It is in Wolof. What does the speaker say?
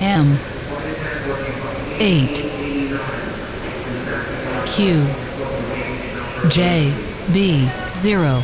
M 8 Q J B 0